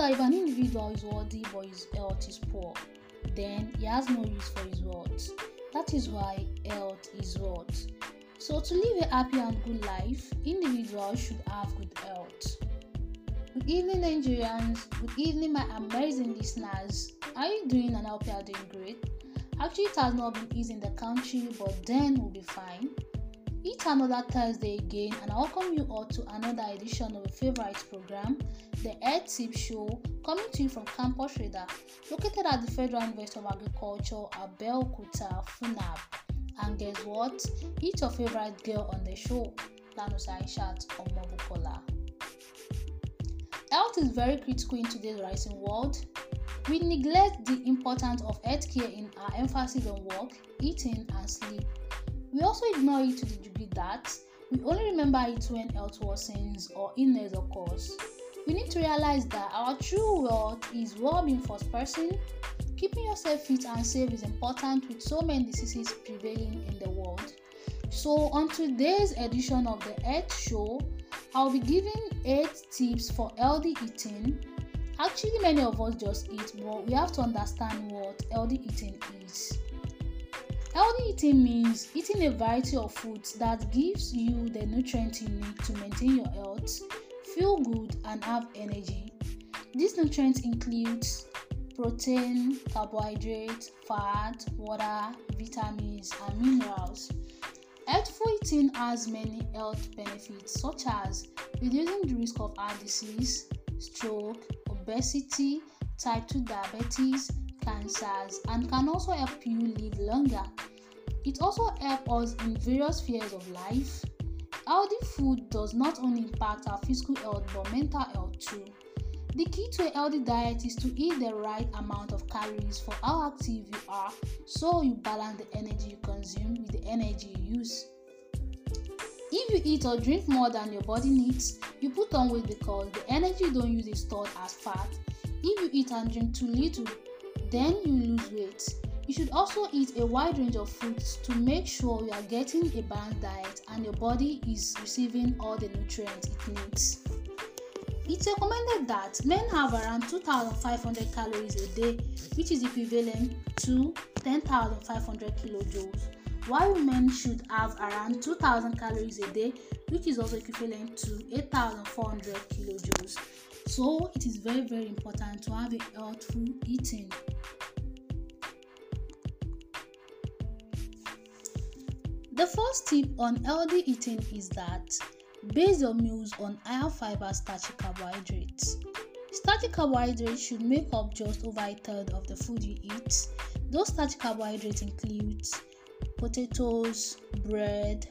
that if an individual is worthy but his health is poor, then he has no use for his wealth. That is why health is wealth. So, to live a happy and good life, individuals should have good health. Good evening, Nigerians. Good evening, my amazing listeners. Are you doing and hope you are doing great? Actually, it has not been easy in the country, but then we'll be fine. It's another Thursday again, and I welcome you all to another edition of a favorite program, the Ed Tip Show, coming to you from Campus Radar, located at the Federal University of Agriculture, Abel Kuta, Funab. And guess what? It's your favorite girl on the show, Lanus Aishat Omobukola. Health is very critical in today's rising world. We neglect the importance of health care in our emphasis on work, eating, and sleep we also ignore it to the degree that we only remember it when health worsens or illness occurs. We need to realize that our true world is well being first person. Keeping yourself fit and safe is important with so many diseases prevailing in the world. So, on today's edition of the Health Show, I'll be giving 8 tips for healthy eating. Actually, many of us just eat, but we have to understand what healthy eating is. Healthy eating means eating a variety of foods that gives you the nutrients you need to maintain your health, feel good, and have energy. These nutrients include protein, carbohydrates, fat, water, vitamins, and minerals. Healthful eating has many health benefits such as reducing the risk of heart disease, stroke, obesity, type 2 diabetes, cancers and can also help you live longer. It also helps us in various spheres of life. Healthy food does not only impact our physical health but mental health too. The key to a healthy diet is to eat the right amount of calories for how active you are so you balance the energy you consume with the energy you use. If you eat or drink more than your body needs, you put on weight because the energy you don't use is stored as fat. If you eat and drink too little, then you lose weight. You should also eat a wide range of foods to make sure you are getting a balanced diet and your body is receiving all the nutrients it needs. It's recommended that men have around 2,500 calories a day, which is equivalent to 10,500 kilojoules, while women should have around 2,000 calories a day, which is also equivalent to 8,400 kilojoules. So it is very, very important to have a healthful eating. The first tip on healthy eating is that base your meals on higher fiber starchy carbohydrates. Starchy carbohydrates should make up just over a third of the food you eat. Those starchy carbohydrates include potatoes, bread,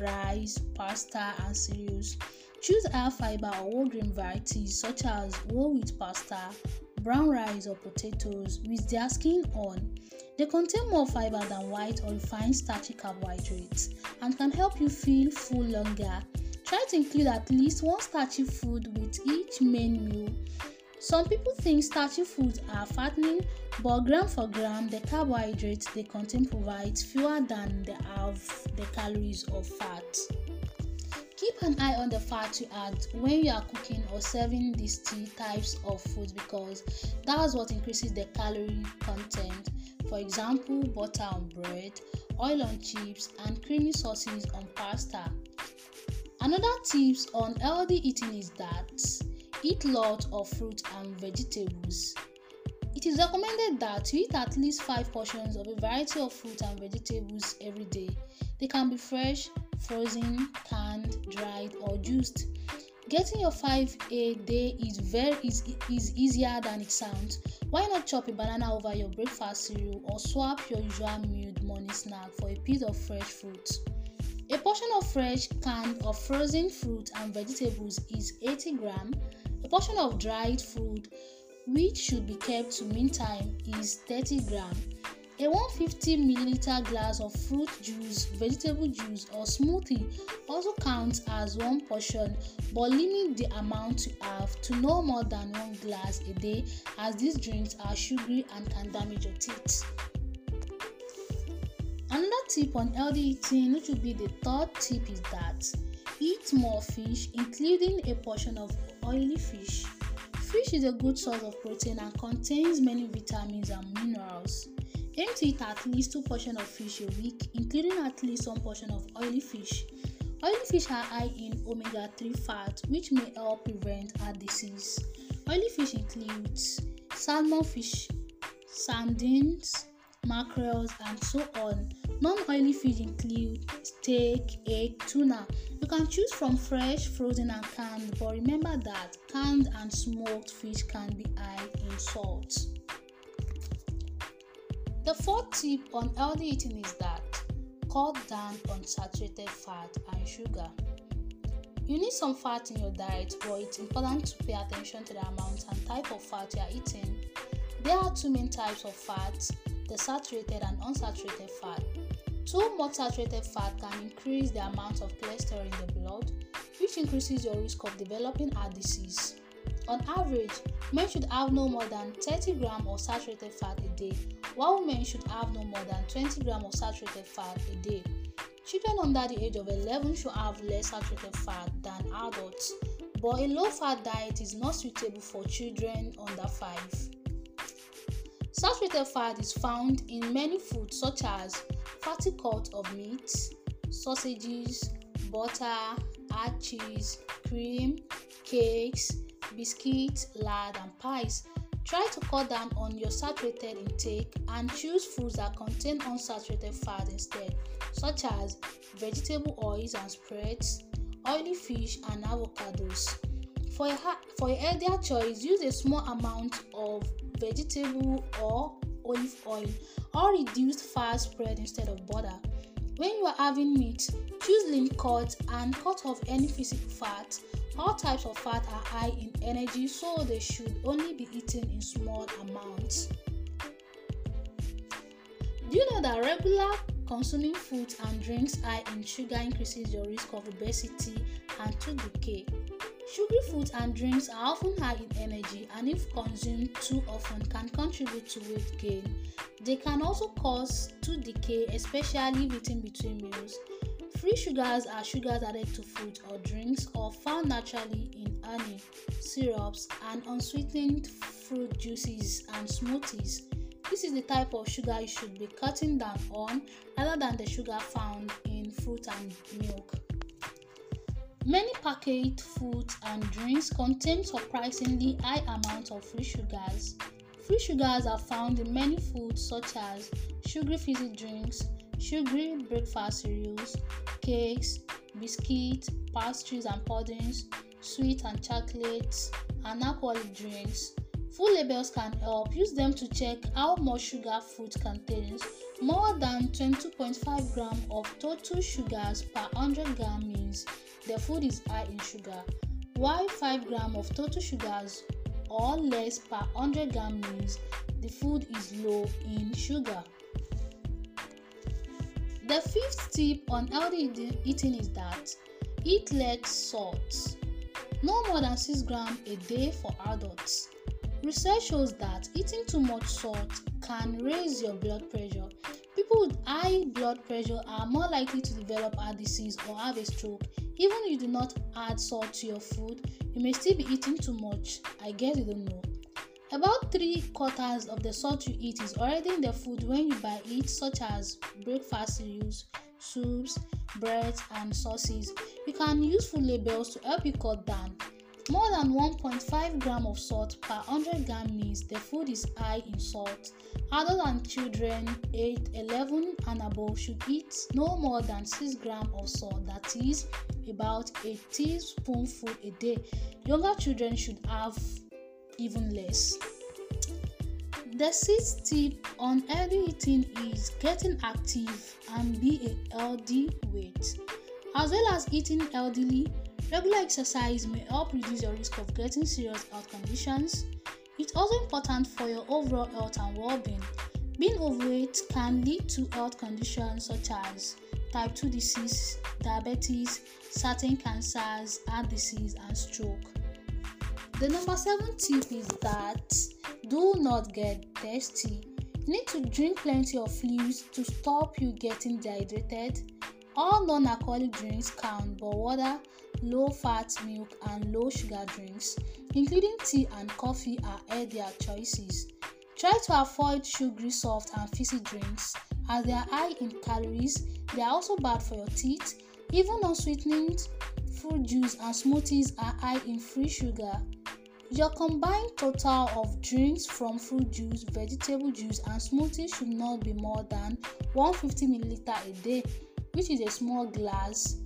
rice, pasta, and cereals. Choose high fiber or whole grain varieties such as whole wheat pasta, brown rice, or potatoes with their skin on. They contain more fiber than white or refined starchy carbohydrates and can help you feel full longer. Try to include at least one starchy food with each main meal. Some people think starchy foods are fattening, but gram for gram, the carbohydrates they contain provides fewer than the have the calories of fat. Keep an eye on the fat you add when you are cooking or serving these two types of food because that's what increases the calorie content. For example, butter on bread, oil on chips, and creamy sauces on pasta. Another tips on healthy eating is that eat lots of fruit and vegetables. It is recommended that you eat at least 5 portions of a variety of fruit and vegetables every day. They can be fresh, frozen, canned, dried, or juiced. Getting your 5 a day is very is, is easier than it sounds. Why not chop a banana over your breakfast cereal or swap your usual milled morning snack for a piece of fresh fruit? A portion of fresh, canned, or frozen fruit and vegetables is 80 gram. A portion of dried fruit, which should be kept to meantime, is 30 gram. A 150 milliliter glass of fruit juice, vegetable juice, or smoothie also counts as one portion, but limit the amount you have to no more than one glass a day, as these drinks are sugary and can damage your teeth. Another tip on healthy eating, which would be the third tip, is that eat more fish, including a portion of oily fish. Fish is a good source of protein and contains many vitamins and minerals. Aim to eat at least two portions of fish a week, including at least one portion of oily fish. Oily fish are high in omega 3 fat, which may help prevent heart disease. Oily fish includes salmon fish, sardines, mackerels, and so on. Non oily fish include steak, egg, tuna. You can choose from fresh, frozen, and canned, but remember that canned and smoked fish can be high in salt. The fourth tip on healthy eating is that cut down on saturated fat and sugar. You need some fat in your diet, but it's important to pay attention to the amount and type of fat you are eating. There are two main types of fats the saturated and unsaturated fat. Too much saturated fat can increase the amount of cholesterol in the blood, which increases your risk of developing heart disease. On average, men should have no more than 30 grams of saturated fat a day while women should have no more than 20 grams of saturated fat a day. Children under the age of 11 should have less saturated fat than adults, but a low fat diet is not suitable for children under 5. Saturated fat is found in many foods such as fatty cuts of meat, sausages, butter, hard cheese, cream, cakes, biscuits, lard, and pies, Try to cut down on your saturated intake and choose foods that contain unsaturated fat instead, such as vegetable oils and spreads, oily fish, and avocados. For a, for a healthier choice, use a small amount of vegetable or olive oil or reduced fat spread instead of butter. When you are having meat, choose lean cuts and cut off any physical fat all types of fat are high in energy, so they should only be eaten in small amounts. Do you know that regular consuming foods and drinks high in sugar increases your risk of obesity and tooth decay? Sugary foods and drinks are often high in energy and, if consumed too often, can contribute to weight gain. They can also cause tooth decay, especially if between meals. Free sugars are sugars added to food or drinks or found naturally in honey, syrups, and unsweetened fruit juices and smoothies. This is the type of sugar you should be cutting down on rather than the sugar found in fruit and milk. Many packaged foods and drinks contain surprisingly high amounts of free sugars. Free sugars are found in many foods such as sugary fizzy drinks, sugary breakfast cereals, cakes, biscuits, pastries and puddings, sweets and chocolates, and alcoholic drinks. Food labels can help. Use them to check how much sugar food contains. More than 22.5 grams of total sugars per 100 gram means the food is high in sugar, while 5 grams of total sugars or less per 100 gram means the food is low in sugar. The fifth tip on healthy eating is that eat less salt, no more than 6 grams a day for adults. Research shows that eating too much salt can raise your blood pressure. People with high blood pressure are more likely to develop heart disease or have a stroke. Even if you do not add salt to your food, you may still be eating too much. I guess you don't know. About three quarters of the salt you eat is already in the food when you buy it, such as breakfast cereals, soups, breads, and sauces. You can use food labels to help you cut down. More than 1.5 gram of salt per 100 gram means the food is high in salt. Adults and children 8, 11 and above should eat no more than 6 gram of salt, that is about a teaspoonful a day. Younger children should have even less. The sixth tip on healthy eating is getting active and be a healthy weight. As well as eating healthily, regular exercise may help reduce your risk of getting serious health conditions. It's also important for your overall health and well being. Being overweight can lead to health conditions such as type 2 disease, diabetes, certain cancers, heart disease, and stroke. The number seven tip is that do not get thirsty. You need to drink plenty of fluids to stop you getting dehydrated. All non alcoholic drinks count, but water, low fat milk, and low sugar drinks, including tea and coffee, are healthier choices. Try to avoid sugary, soft, and fizzy drinks as they are high in calories. They are also bad for your teeth. Even unsweetened fruit juice and smoothies are high in free sugar. Your combined total of drinks from fruit juice, vegetable juice, and smoothies should not be more than 150 ml a day, which is a small glass.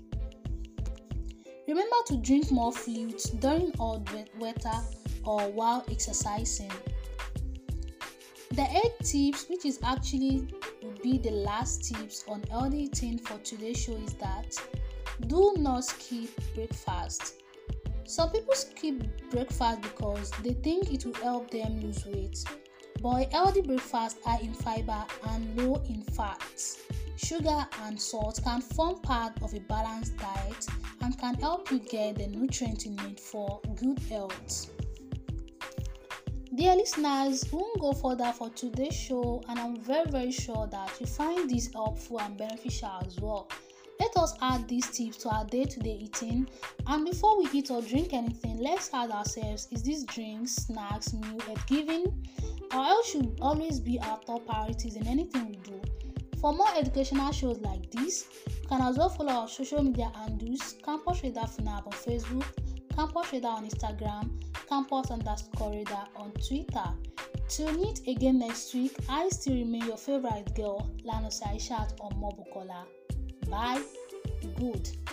Remember to drink more fluids during all weather or while exercising. The eight tips, which is actually would be the last tips on healthy eating for today's show, is that do not skip breakfast some people skip breakfast because they think it will help them lose weight. But healthy breakfasts are in fiber and low in fats. Sugar and salt can form part of a balanced diet and can help you get the nutrients you need for good health. Dear listeners, we won't go further for today's show, and I'm very, very sure that you find this helpful and beneficial as well. Let us add these tips to our day to day eating. And before we eat or drink anything, let's ask ourselves is this drink, snacks, meal health giving? Our health should always be our top priorities in anything we do. For more educational shows like this, you can as well follow our social media handles Campus Radar Funab on Facebook, Campus Radar on Instagram, Campus underscore Radar on Twitter. To meet again next week. I still remain your favorite girl, Lano Saishat or Mobukola. Bye good